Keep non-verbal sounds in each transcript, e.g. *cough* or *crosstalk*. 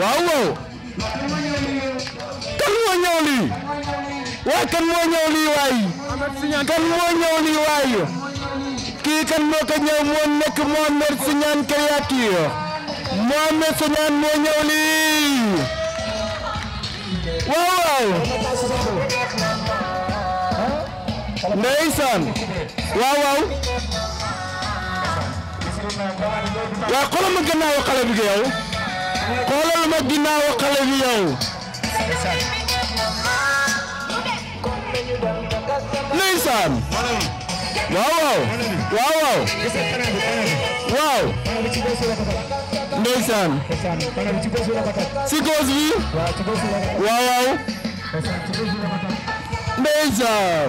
waaw waaw kan moo ñëw lii waaye kan moo ñëw lii waay kan moo ñëw lii waay kii kan moo ko ñëw moo nekk Mohamed Signane Kayaky Mohamed Signane moo ñëw lii waaw waaw ndeysaan waaw waaw waaw xoolal si góos bi waaw waaw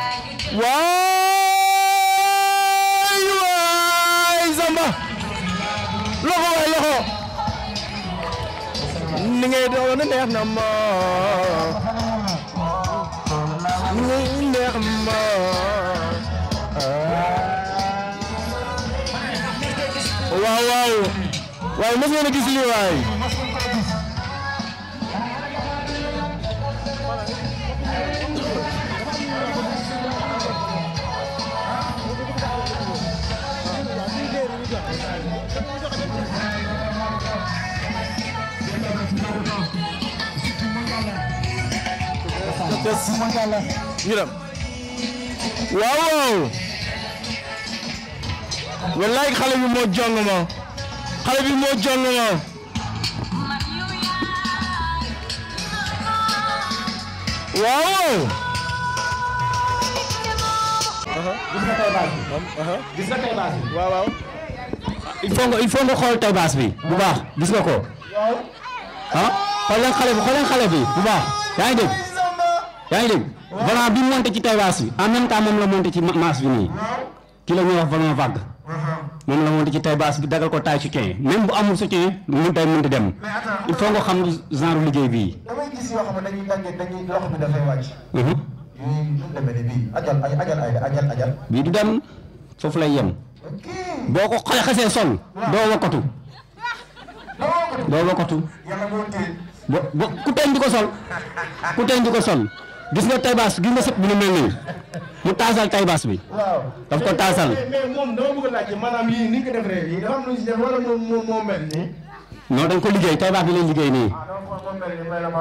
waay waay Samba loxo waay loxo ni ngay doon neex na ma neex waaw waaw waaye mos ngeen a gis lii waay des ñu dem waaw xale bi moo jong ma xale bi moo jong ma waaw gis nga tey baas bi bi waaw waaw il faut nga il bi bu baax gis nga ah, xale bi xale bi bu baax yaa ngi dégg yaa ngi dégg volant bi monté ci taybaas bi en même temps moom la monté ci maas bi nii kii la ñuy wax volant vague moom la monté ci taybaas bi dagal ko taay soutien même bu amul soutien mun tay mënti dem il nga xam genre liggéey bii. damay bi dafay wàcc. yooyu mhm. ñu demee ne bii du dem foofu lay yem. boo ko xale xasee sol. doo wakkatu. doo wakkatu. bo bo ku teñ di ko sol. ku teñ di ko sol. gis nga taybaas gis nga sëb bi nu mel nii mu taasal taybaas bi. waaw ko taasal. mais moom dañ ko liggéey taybaas bi leen liggéey nii ah,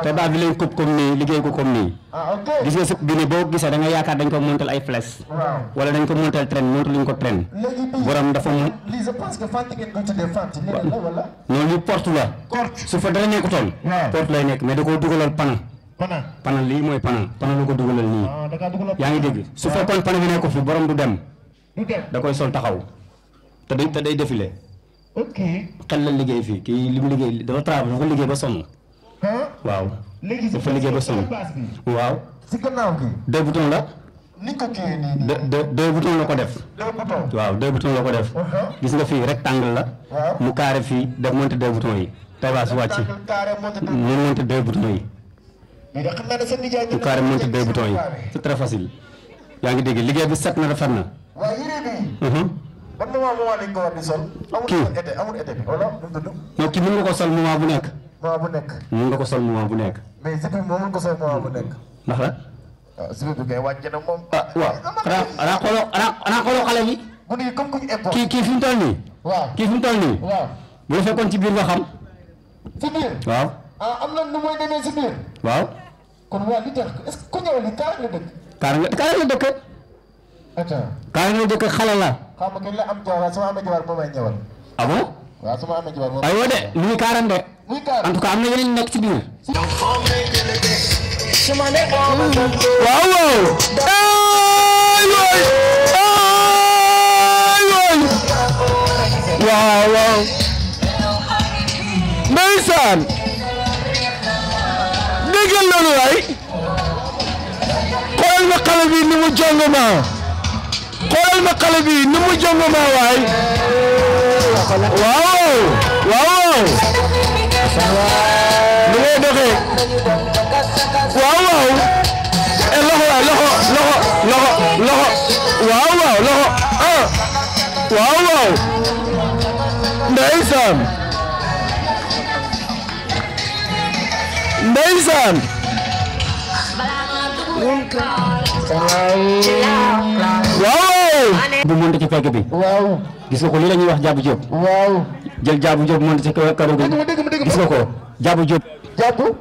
taybaas bi leen kub comme nii liggéey ko comme nii. Ah, gis nga boo gisee da nga yaakaar dañ ko montal ay flèche. wala dañ ko montal train montal luñ ko train. borom dafa mu. lii je pense que fàtte ngeen ko tuddee la su fa dara nekkutoon. waaw lay nekk mais da koo dugalal pan. panal lii mooy pana panal lu ko dugalal nii ah, yaa ngi dégg su fekkoon panal bi nekk ko fi boroom du dem da koy sol taxaw te day te day défilé xel la liggéey fii kii li mu liggéey dafa travail dafa liggéey ba sonn waaw dafa liggéey ba la ni ko kii nii la ko def waaw deux la ko def uh-huh. gis nga fii rek rectangle la mu carré fii def monte deux boutons yi tey waa su wàcc mu monte deux yi bu carré monte deux boutons yi c'est très facile yaa ngi dégg liggéey bi set na rafet na. waaw yére bi. Mhm. ko war di sol. amul été amul été kii ko sol bu nekk. moment nekk. mën nga ko sol moment bu nekk. mais zipi moom ko sol moment bu nekk. Ah, na moom. ah waaw xanaa ah, xanaa xooloo xanaa xooloo xale bi. mu ne comme ku ñu kii fi mu toll nii. waaw kii fi mu toll nii. bu la fekkoon ci biir nga xam. ci biir. waaw. ah am waaw. kon waa li tax est-ce que ku ñëwal ni kaar la dëkk. kaar la kaar la dëkk. attends kaar la dëkk xale la. xam nga kañ la am jawaar sama amee jawaar moo may ñëwal. ah bon. waaw sama amee jawaar moo may ñëwal. aywa de muy kaaran de. muy kaar en tout cas am na yeneen nekk ci biir. waaw waaw. waaw waaw. ndeysaan. leen loolu waay xoolal ma xale bi ni mu jongo ma xoolal ma xale bi ni mu jongo ma waay waaw waaw ni ngay doxee waaw waaw e loxo waay loxo loxo loxo loxo waaw waaw loxo ah waaw waaw ndeysaan ndeysaan waaw bu monte ci pegg bi waaw gis nga ko lii la ñuy wax jaabu jóob waaw jël jaabu jóob ci karo gi gis nga ko jaabu jóob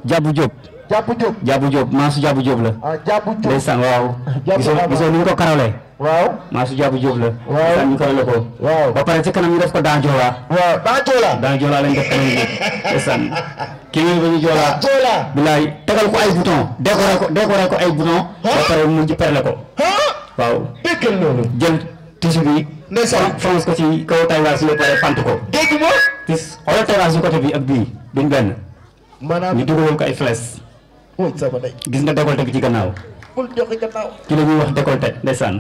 jaabu jóob jaabu jóob jaabu jóob maasu jaabu jóob la ah, ndeysaan waaw gisoo waaw maa su jaabu Jóob la. waaw sànni ko la ko. waaw ba pare ci kanam ñu def ko dans Joola. waaw dans Joola. dans Joola lañ def kanam bi te sànni. kii yooyu ba ñu Joola. Joola ko ay bouton. décorer ko décorer ko ay bouton. ba pare mu ji perle ko. waaw déggal loolu. bi. ndeysaan France ko ci kaw taywaas yi ba pare ko. dégg nga. tis xoolal gis nga décolleté ci gannaaw. bul joxe gannaaw ci la ñuy wax décolleté ndeysaan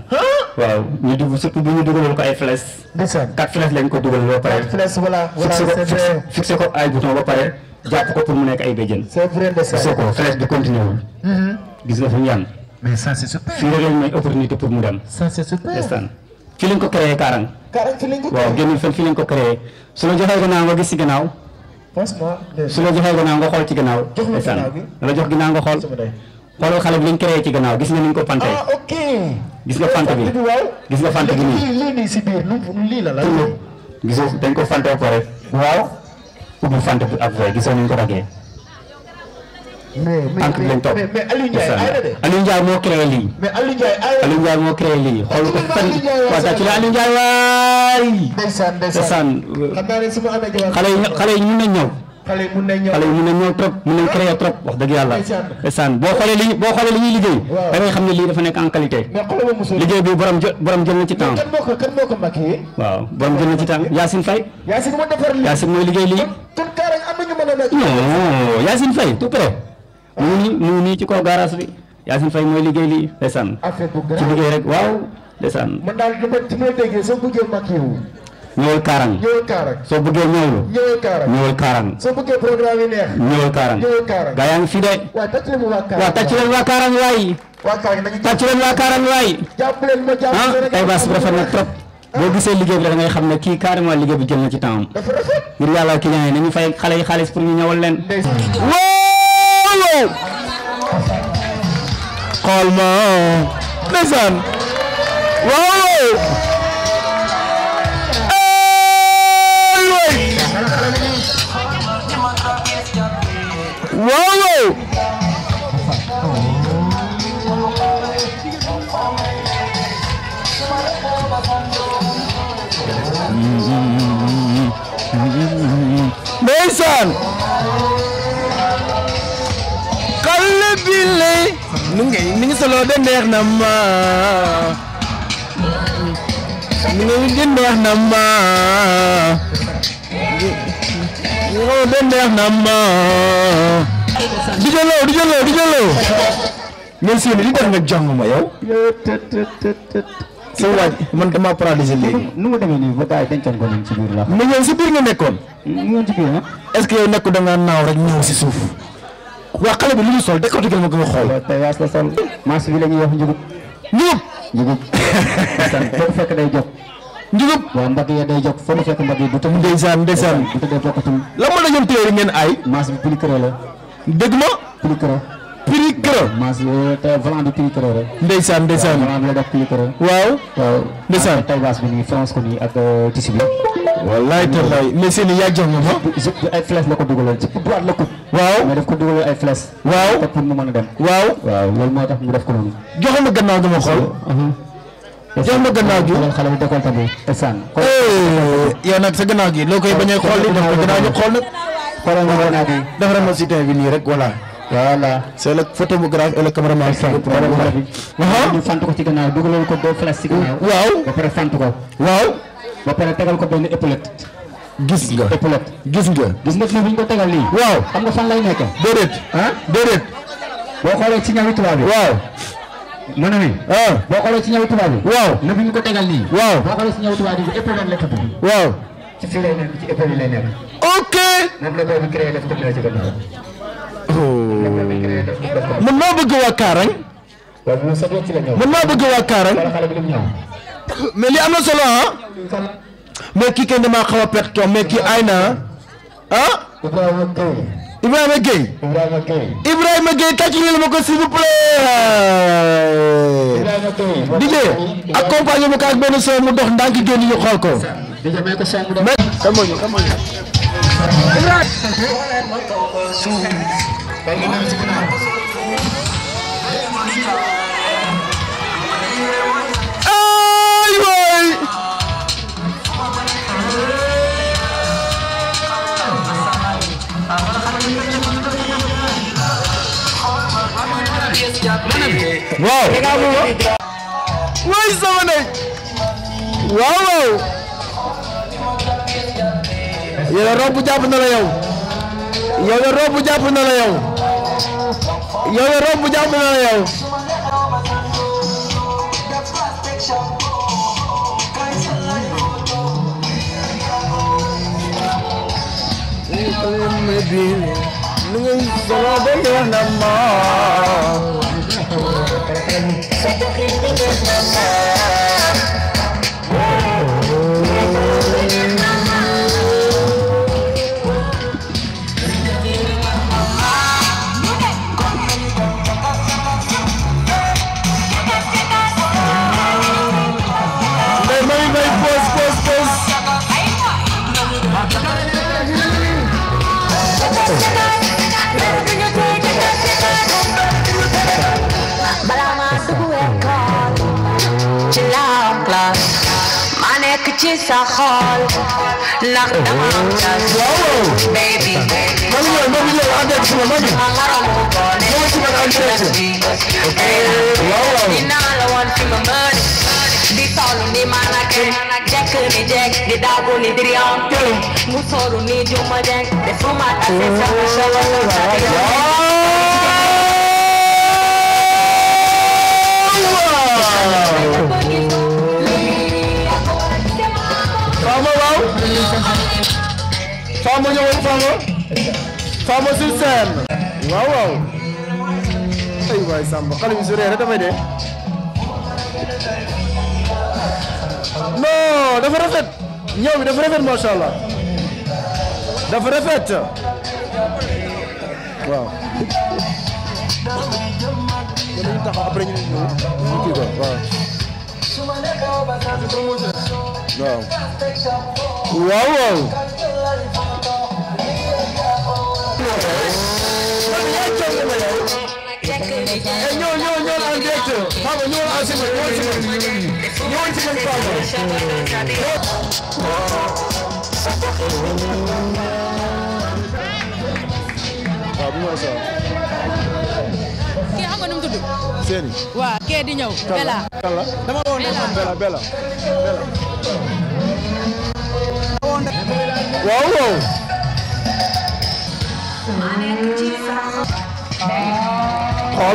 waaw ñu dugg surtout bu ñu dugaloon ko ay flèches ndeysaan quatre lañ ko dugal ba pare flèches voilà voilà ko ay bouton ba pare jàpp ko pour mu nekk ay béjjën c'est ko flèche bi continué mm-hmm. gis nga fi mu fii rek lañ may opportunité pour mu dem ça ko créé Kaarang waaw génnul fenn fii ko créé su la joxee gannaaw nga gis si gannaaw su la joxee gannaaw nga xool ci gannaaw ndeysaan la jox gannaaw nga xool xoolal xale bi lañ créé ci gannaaw gis na ni ñu ko pante. ah gis nga fante bi gis nga fante bi nii lii la la. gis nga dañ ko fante ko rek. waaw ubbi bi ak vrai gisoo ni ñu ko daggee. mais mais mais na de. Aliou Ndiaye moo créé lii. mais Aliou Ndiaye ay na ko fan. waaw daa ci la Aliou Ndiaye waay. xale yi xale yi ñu mën a xale yi mun nañ ñëw mun nañ ñëw trop mun nañ créer trop wax dëgg yàlla ndeysaan boo xoolee li boo xoolee li ñuy liggéey da xam ne lii dafa nekk en liggéey bi borom borom borom jël na ci temps Yacine Faye Yacine mooy liggéey lii kon kaarañ am a tout près ah. mu nii mu nii ci kaw garage bi Yacine Faye mooy liggéey lii ndeysaan ci liggéey rek waaw ndeysaan ñëwal Kaarang ñëwal Kaarang soo bëggee ñëwlu ñëwal Kaarang ñëwal Kaarang soo bëggee programme yi neex ñëwal Kaarang Kaarang gaa yaa ngi waa Kaarang waaw tàcc leen waa Kaarang waay tàcc leen waa Kaarang waay ma jàpp ah, leen ah Evas rafet na trop boo gisee liggéey bi kii carrément liggéey bi jël na ci temps ngir yàlla client yi nañu fay xale yi xaalis pour ñu ñëwal leen waaw xool ma ndeysaan solo de neex na ma ni di neex na ma na ma Dj Lo Dj Lo Dj Lo men si di def nga jàng ma yow sëñ nu mu demee nii ba gars yi ci biir la. mais si biir nga nekkoon. ñu ngi ah. nekk da ngaa naaw rek ñëw si suuf. waa xale bi lu ñu sol décortiqué ma gën a xool. waaw tey waas la sol marché bi la ñuy wax njugub. njugub njugub. foo fekk day jóg. njugub waaw mbagg ya day jóg foo mu fekk mbagg yi du tëb. ndeysaan ndeysaan du tëb bokkatul. lan moo la ñoom téere ngeen ay. marché bi Pulikoro la. dégg ma. Pulikoro. Pulikoro. marché bi euh, tey volant bi ndeysaan ndeysaan waaw waaw. ndeysaan tey bi nii France ko nii ak euh, tissu bi. wallaay tallaay mais seen i yaa ay flèche la ko dugaloon jëpp droite la ko. waaw mais daf ko dugaloon ay flèche. waaw pour mu mën a dem. waaw waaw loolu moo tax mu def ko noonu. joxal ma gannaaw gi ma xool. jox ma gannaaw gi xale bi décolleté bi esaan. Eh, yow nag sa gi loo koy bañ xool li ko gannaaw gi xool nag. xoolal ma gannaaw gi defaral ma cité bi nii rek le photographe et le sant ah. ko ci gannaaw dugaloon ko doo flèche ci gannaaw. waaw ba pare sant ko waaw. ba pare tegal ko benn épaulette. gis nga épaulette. gis nga. gis nga fii bu ñu ko tegal lii. waaw xam nga fan lay nekk. déedéet. boo xoolee ci ñawi tubaab bi. na ni. ah boo xoolee ci ñawi tubaab bi. na fi ko tegal lii. waaw boo xoolee ci ñawi tubaab bi épaulette la tëdd. waaw. ci fii lay nekk ci épaulette lay nekk. ok. moom la boobu oh. créé def dëgg la ci gannaaw. mën naa bëgg waa Kaarang. waaw mën naa bëgg waa Kaarang. *coughs* mais li am na solo ah mais kii kenn damaa xaw a perte toom mais kii aay na ah. Ibrahima Gueye. Ibrahima Gueye. Ibrahima Gueye. Ibrahima Gueye tàcc ñu ma ko s'il vous plaît. DJ accompagné mu ko ak benn son mu dox ndànk génn ñu xool ko. mais. waaw way sama a bu jàpp na la yow yow a rob jàpp na la yow Soy tu Cristo, tu mamá. sa xol ndax dama am tas baby mami yo mami yo ande ci ma mami amaram ko boole yo ci ma ande ci dina la wan fi ma mari di tollu ni manake jekk ni jekk di dabu ni diriam mu solu ni juma jekk defuma tase sa shawala Fama ma ñëwoon Fama Fama sur scène waaw waaw ay waay Samba xale bi su reere dafay dee non dafa rafet ñëw bi dafa rafet macha allah dafa rafet waaw dañuy taxaw après ñu ñëw ñu kii ko waaw waaw waaw e ñoo ñoo ñoo la en direct Baba ñoo la en simon ñoo simon ñoo simon Baba waaw bu ma sa kii xam nga nu mu tudd seeni waaw kee di ñëw Bella Bella dama woon Bella Bella waaw waaw call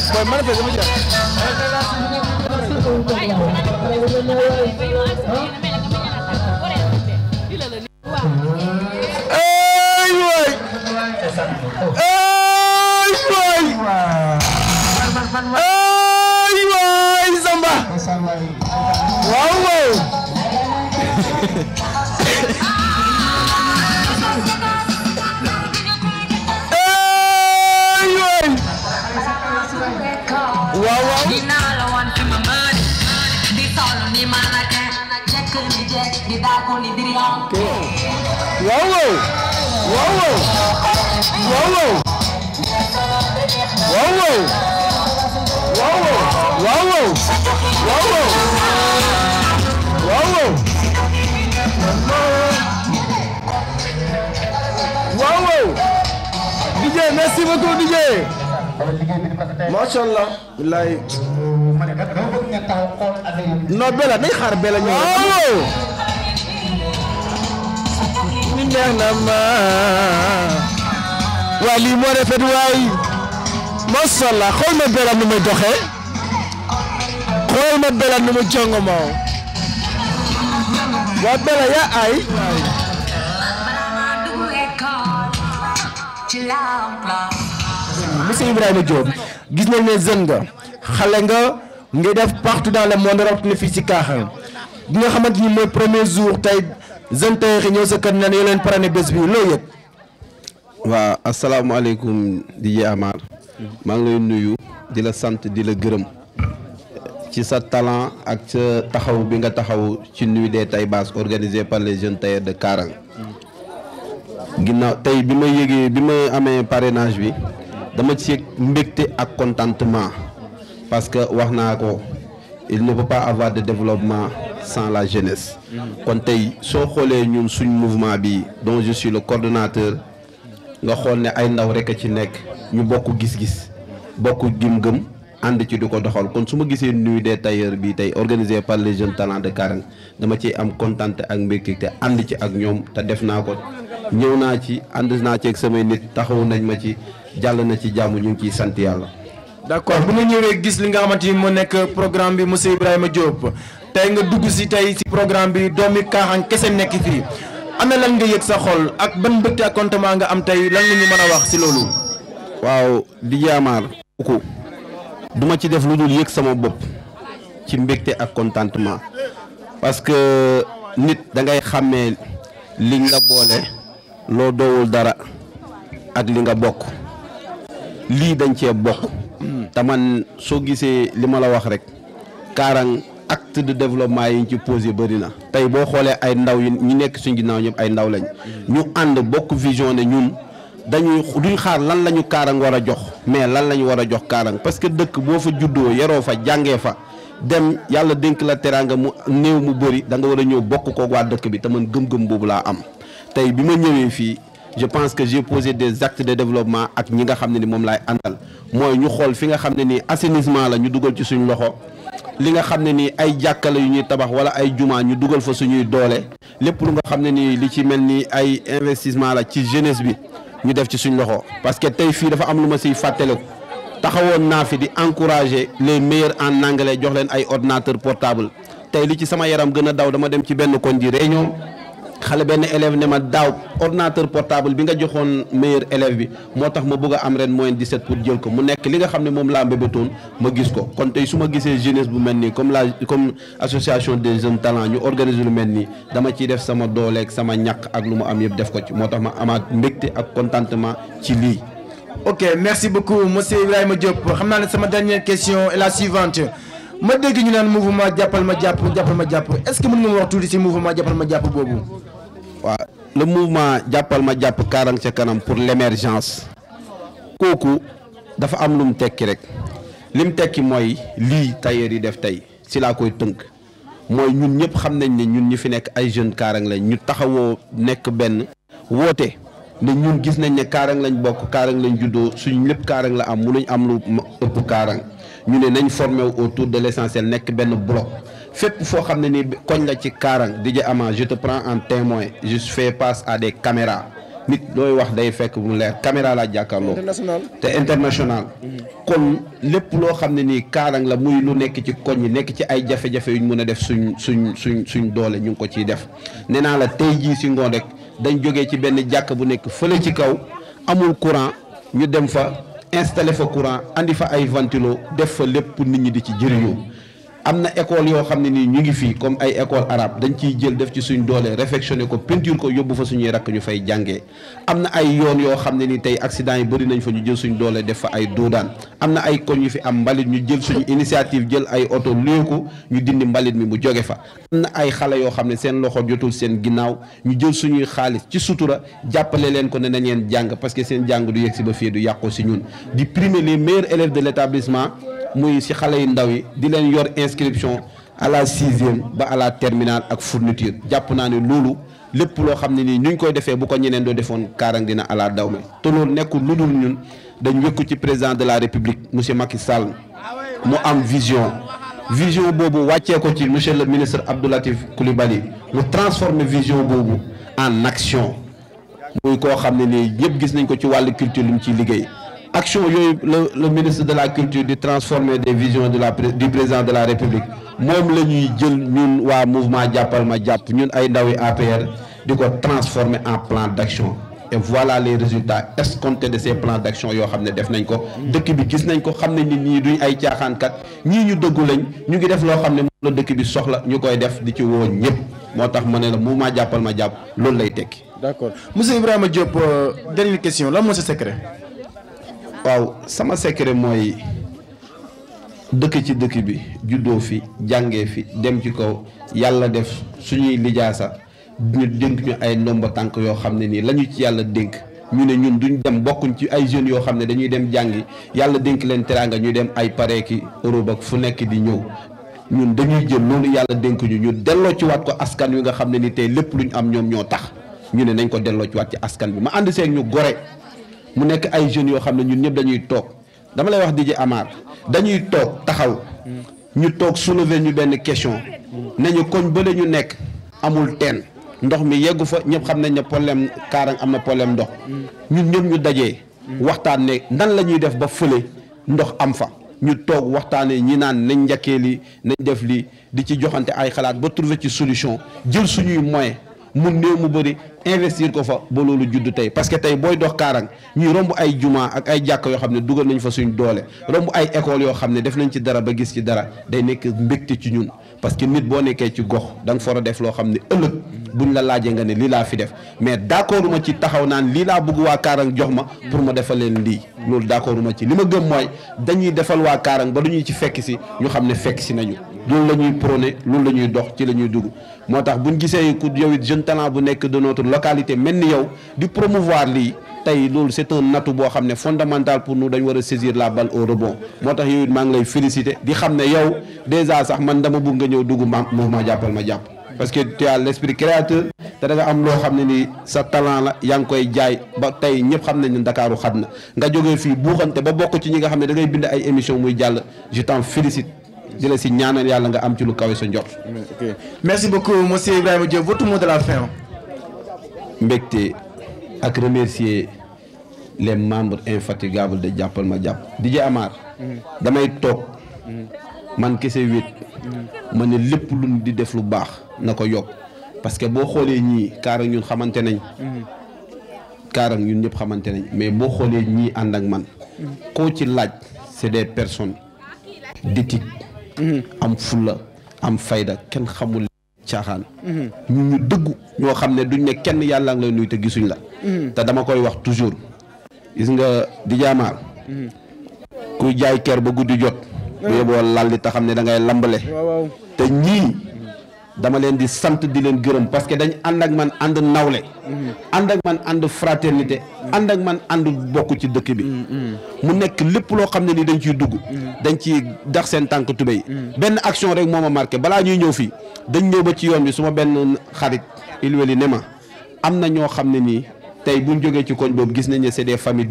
Boy, manifest, let me just. Hey, boy! Hey, boy! Hey, boy, Zamba! Wow, wow! waaw waaw waaw waaw waaw waaw waaw waaw waaw waaw waaw waaw DJ merci beaucoup DJ macha allah. bilaay. non Bella day xaar Bella ñëw. waaw. waa lii moo rafet waay macha allah xool ma Bella nu muy doxee xool ma Bella nu mu jongo waa Bella yaa ay monsieur Ibrahima Diop gis nañ ne jeune nga xale nga ngay def partout dans le monde rawatina fii ci Kaaxal bi nga xamante ni premier jour tey jeune tailleur ñëw sa kër nan leen parane bés bi loo yëg waaw asalaamaaleykum DJ maa ngi lay nuyu di la sant di la gërëm ci sa talent ak taxaw bi nga taxaw ci nuit des taille-basse organisée par les jeunes tailleurs de Karang tey bi ma yëgee bi ma amee parrainage bi dama ci yëg mbégte ak contentement parce que wax naa ko il ne peut pas avoir de développement sans la jeunesse. kon tey soo xoolee ñun suñ mouvement bi dont je suis le coordonnateur nga xool ne ay ndaw rek a ci nekk ñu bokk gis-gis bokk gëm-gëm ànd ci du ko doxal kon su ma gisee nuit des tailleurs bi tey organisé par les jeunes talents de Karang dama ciy am kontaan ak mbégte te ànd ci ak ñoom te def naa ko ñëw naa ci ànd naa ci ak samay nit taxawu nañ ma ci jàll na ci jàmm ñu ngi ciy sant yàlla. d' bu ñu ñëwee gis li nga xamante ni moo nekk programme bi monsieur Ibrahima Diop. tey nga dugg si tey si programme bi doomi Kaaxañ kese nekk fii na lan nga yëg sa xol ak ban mbëgte ak contentement nga am tey lan la ñu man a wax si loolu. waaw di jaamaar. ko duma ci def lu dul yëg sama bopp ci mbégte ak contentement parce que nit da ngay xàmmee liñ la boole loo doowul dara ak li nga bokk lii dañ cee bokk. Hmm. te man soo gisee li ma la wax rek kaarang acte de développement yi ñu ci posé bëri na tey boo xoolee ay ndaw yi ñu nekk suñ ginnaaw ñëpp ay ndaw lañ ñu ànd bokk vision ne ñun dañuy duñ xaar lan la ñu kaarang war a jox mais lan la ñu war a jox kaarang parce que dëkk boo fa juddoo yaroo fa jàngee fa dem yàlla dénk la teraanga mu néew mu bëri da nga war a ñëw bokk koog waa dëkk bi te man gëm-gëm boobu laa am tey bi ma ñëwee fii je pense que j'ai posé des actes de développement ak ñi nga xam ne ni moom laay àndal mooy ñu xool fi nga xam ne nii assainissement la ñu dugal ci suñu loxo li nga xam ne nii ay jàkkale yu ñuy tabax wala ay jumaan ñu dugal fa suñuy doole lépp lu nga xam ne nii li ci mel ni ay investissement la ci jeunesse bi ñu def ci suñ loxo parce que tey fii dafa am lu ma siy fàttaliku taxawoon naa fi di encourager les meilleurs en nangale jox leen ay ordinateur portable tey li ci sama yaram gën a daw dama dem ci benn kon di réunion xale benn élève ne ma daaw ordinateur portable bi nga joxoon meilleur élève bi moo tax ma bëgg a am ren moyenne 17 pour jël ko mu nekk li nga xam ne moom laa mbébétoon ma gis ko kon tey su ma gisee jeunesse bu mel nii comme laa comme association des jeunes talents ñu organiser lu mel nii dama ciy def sama dooleek sama ñàkk ak lu mu am yëpp def ko ci moo tax ma amaat mbégte ak contentement ci lii. ok merci beaucoup monsieur Ibrahima Diop xam naa ne sama dernière question est la suivante. ma dégg ñu naan mouvement jàppal ma jàpp jàppal ma jàpp est-ce que mën nga wax tuuti ci mouvement jàppal ma le mouvement jàppal ma jàpp Kaarang ca kanam pour l'émergence kooku dafa am lu mu tekki rek li mu tekki mooy lii tailleur yi def tey si laa koy tënk mooy ñun ñëpp xam nañ ni ñun ñi fi nekk ay jeunes Kaarang lañ ñu taxawoo nekk benn woote ne ñun gis nañ ne Kaarang lañ bokk Kaarang lañ juddoo suñu lépp Kaarang la am mu munuñ am lu ëpp Kaarang ñu ne nañ formé wu autour de l' essentiel nekk benn bloc fépp foo xam ne ni koñ la ci kaarang DJ Ama je te prends en témoin je fais face à des caméras nit looy wax day fekk mu leer caméra laa jàkkaarloo te international kon lépp loo xam ne nii kaarang la muy lu nekk ci koñ yi nekk ci ay jafe-jafe yu ñu mun a def suñ suñ suñ suñ doole ñu ngi ko ciy def nee naa la tey jii si ngoon rek dañ jógee ci benn jàkk bu nekk fële ci kaw amul courant ñu dem fa installé fa courant indi fa ay ventilo def fa lépp pour nit ñi di ci jëriñoo am na école yoo xam ne nii ñu ngi fii comme ay école arabe dañ ciy jël def ci suñu doole réfectionné ko peinture ko yóbbu fa suñuy rakk ñu fay jàngee am na ay yoon yoo xam ne nii tey accident yi bëri nañ fa ñu jël suñ doole def fa ay duudaan am na ay koñ yu fi am mbalit ñu jël suñu initiative jël ay oto léeku ñu dindi mbalit mi mu joge fa am na ay xale yoo xam ne seen loxo jotul seen ginnaaw ñu jël suñuy xaalis ci sutura jàppale leen ko ne nañ leen jàng parce que seen jàng du yegg si ba fii du yàqoo si ñun di primer muy si xale yu ndaw yi di leen yor inscription à la sixième ba à la terminale ak fourniture jàpp naa ne loolu lépp loo xam ne nii ñu ngi koy defee bu ko ñeneen doo defoon kaarang dina ala daw me te loolu nekkul lu dul ñun dañ wékku ci président de la république monsieur Macky Sall mu am vision vision boobu wàccee ko ci monsieur le ministre Abdou Latif Coulibaly mu transformer vision boobu en action muy koo xam ne nii ñëpp gis nañ ko ci wàll culture lu mu ciy liggéey action yooyu le le ministre de la culture di transformer des visions de la du président de la république moom la ñuy jël ñun waa mouvement jàppal ma jàpp ñun ay ndawi APR di ko transformer en plan d'action et voilà les résultat escomptés de ces plan d'action yoo xam ne def nañ ko dëkk bi gis nañ ko xam ne nit ñi duñ ay caaxaankat ñii ñu dëggu lañ ñu ngi def loo xam ne moom la dëkk bi soxla ñu koy def di ci woo ñëpp moo tax ma ne la mouvement jàppal ma jàpp loolu lay tekki. d'accord monsieur Ibrahima Diop euh, dernière question lan moo sa waaw sama secret mooy dëkk ci dëkk bi juddoo fi jàngee fi dem ci kaw yàlla def suñuy lijaasa ñu dënk ñu ay ndomba tànk yoo xam ne nii lañu ci yàlla dënk ñu ne ñun duñ dem bokkuñ ci ay jeunes yoo xam ne dañuy dem jàngi yàlla dénk leen teraanga ñu dem ay pareeki Europe ak fu nekk di ñëw ñun dañuy jël loolu yàlla dénk ñu ñu delloo ci waat ko askan wi nga xam ne ni tey lépp luñ am ñoom ñoo tax ñu ne nañ ko delloo ci waat ci askan bi ma ànd seeg ñu gore mu nekk ay jeunes yoo xam ne ñun ñëpp dañuy toog dama lay wax DJ Amar dañuy toog taxaw ñu toog soulever ñu benn question nañu koñ bële ñu nekk amul teen ndox mi yeggu fa ñëpp xam nañ ne problème kaarang am na problème ndox ñun ñëpp ñu dajee waxtaan ne nan la ñuy def ba fële ndox am fa ñu toog waxtaanee ñi naan nañ njëkkee li nañ def lii di ci joxante ay xalaat ba trouver ci solution jël suñuy moyens mu néew mu bëri investir ko fa ba loolu juddu tey parce que tey booy dox kaarang ñuy romb ay jumaa ak ay jàkk yoo xam ne dugal nañ fa suñu doole romb ay école yoo xam ne def nañ ci dara ba gis ci dara day nekk mbégte ci ñun parce que nit boo nekkee ci gox danga nga a def loo xam ne ëllëg buñ la laajee nga ne lii laa fi def mais d'accord ma ci taxaw naan lii laa bëgg waa Kaarang jox ma pour ma defal leen lii loolu d'accord ma ci li ma gëm mooy dañuy defal waa Kaarang ba lu ñuy ci fekk si ñu xam ne fekk si nañu loolu la ñuy prôné loolu la ñuy dox ci la ñuy dugg moo tax buñ gisee ku yow it jeune talent bu nekk de localité mel ni yow di promouvoir lii tey loolu c'est un boo xam ne fondamental pour nu dañ war a saisir la balle au rebond moo tax yow it maa ngi lay féliciter di xam ne yow déjà sax man dama bëgg nga ñëw dugg ma mouvement jàppal ma jàpp parce que tu as l'esprit créateur te da am loo xam ne ni sa talent la yaa ngi koy jaay ba tey ñëpp xam nañ ne Ndakaaru xat na nga jógee fii buuxante ba bokk ci ñi nga xam ne da ngay bind ay émission muy jàll je t'en félicite di si ñaanal yàlla nga am ci lu kaw sa njort. ok merci beaucoup monsieur Ibrahima Diop votre mot de la fin. ak remercier les membres infatigables de jàppal ma jàpp DJ Amar damay toog man kese wéet ma ne lépp lu ñu di def lu baax na ko yokk parce que boo xoolee ñii kaar ak ñun xamante nañ kaar ñun ñëpp xamante nañ mais boo xoolee ñii ànd ak man koo ci laaj c'est des personnes d'éthique am fulla am fayda kenn xamul caaxaan mhm. ñu ñu dëggu ñoo xam ne duñ ne kenn yàlla ngi lay nuyu te gisuñ la te dama koy wax toujours gis nga di jaamaar ku jaay ker ba guddi jot bu yeboo lalli te xam ne da ngay lambale te ñii dama leen di sant di leen gërëm parce que dañ ànd ak man ànd nawle ànd ak man ànd fraternité ànd ak man ànd bokk ci dëkk bi mu nekk lépp loo xam ne nii dañ ciy dugg dañ ciy dax seen tànk tubéy benn action rek moom ma marqué balaa ñuy ñëw fii dañ ñëw ba ci yoon bi su ma benn xarit il weli ne ma am na ñoo xam ne nii tey buñ jogee ci koñ boobu gis nañ ne c'est des familles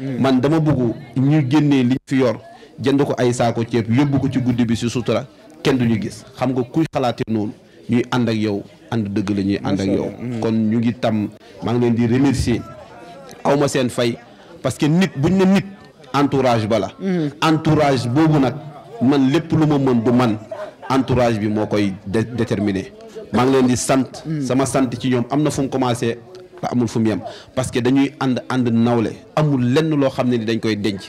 hmm. man dama bëgg ñu génnee li fi yor jënd ko ay saako ceeb yóbbu ko ci guddi bi si la kenn du ñu gis xam nga kuy xalaatee noonu ñuy ànd ak yow ànd dëgg la ñuy ànd ak yow hmm. kon ñu ngi tam maa ngi leen di remercier aw ma seen fay parce que nit buñ ne nit entourage ba la hmm. entourage boobu nag man lépp lu ma mën du man entourage bi moo koy déterminer maa ngi leen di sant sama sant ci ñoom am na fu commencé te amul fu mu yem parce que dañuy ànd ànd nawle amul lenn loo xam ne ni dañ koy denc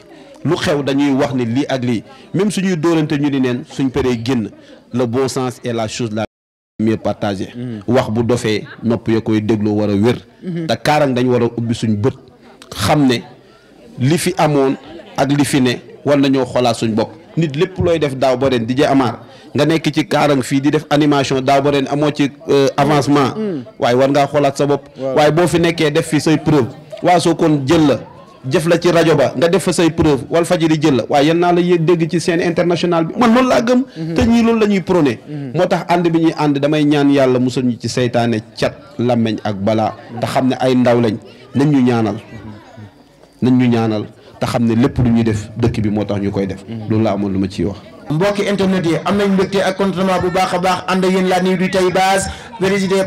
lu xew dañuy wax ni lii ak lii même suñuy dóorante ñu ni neen suñ paree génn le bon sens et la chose la mieux partagée mm. wax bu dofee nopp ya koy dégloo war a wér mm-hmm. te kaarang dañ war a ubbi suñ bët xam ne li fi amoon ak li fi ne war nañoo xoolaat suñ bopp nit lépp looy def daaw ba ren di je amaar nga nekk ci kaarang fii di def animation daaw ba amoo ci euh, avancement mm. waaye war ngaa xoolaat sa bopp waaye boo fi nekkee def fi say preuve waa kon jël la jëf la ci rajo ba nga def fa say preuve wal fajiri jël la waaye yal naa la yëg dégg ci seen internationale bi man loolu laa gëm mm-hmm. te ñii loolu la ñuy prôné mm-hmm. moo tax ànd bi ñuy ànd damay ñaan yàlla musal ñu ci seytaane cat làmmeñ ak balaa mm-hmm. te xam ne ay ndaw lañ nañ ñu ñaanal nañ ñu ñaanal te xam ne lépp lu ñuy def dëkk bi moo tax ñu koy def laa amoon lu ma ciy wax mbokki internet yi am nañ mbégte ak contentement bu baax a baax ànd ak yéen la nuit du tay base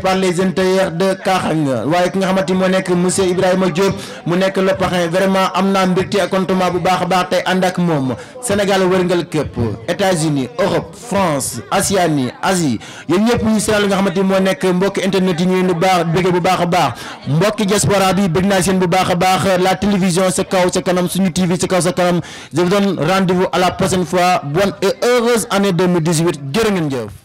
par les jeunes de Kaxang waaye ki nga xamante ni moo nekk monsieur Ibrahima Diop mu nekk le parrain vraiment am naa mbégte ak contentement bu baax a baax tey ànd ak moom Sénégal wërngal képp États-Unis Europe France Océanie Asie yéen ñëpp ñu seeral nga xamante moo nekk mbokki internet yi ñu leen baax bu baax a baax mbokki diaspora bi bëgg naa seen bu baax a la télévision sa heureuse année 2018 jërë ngeen jëf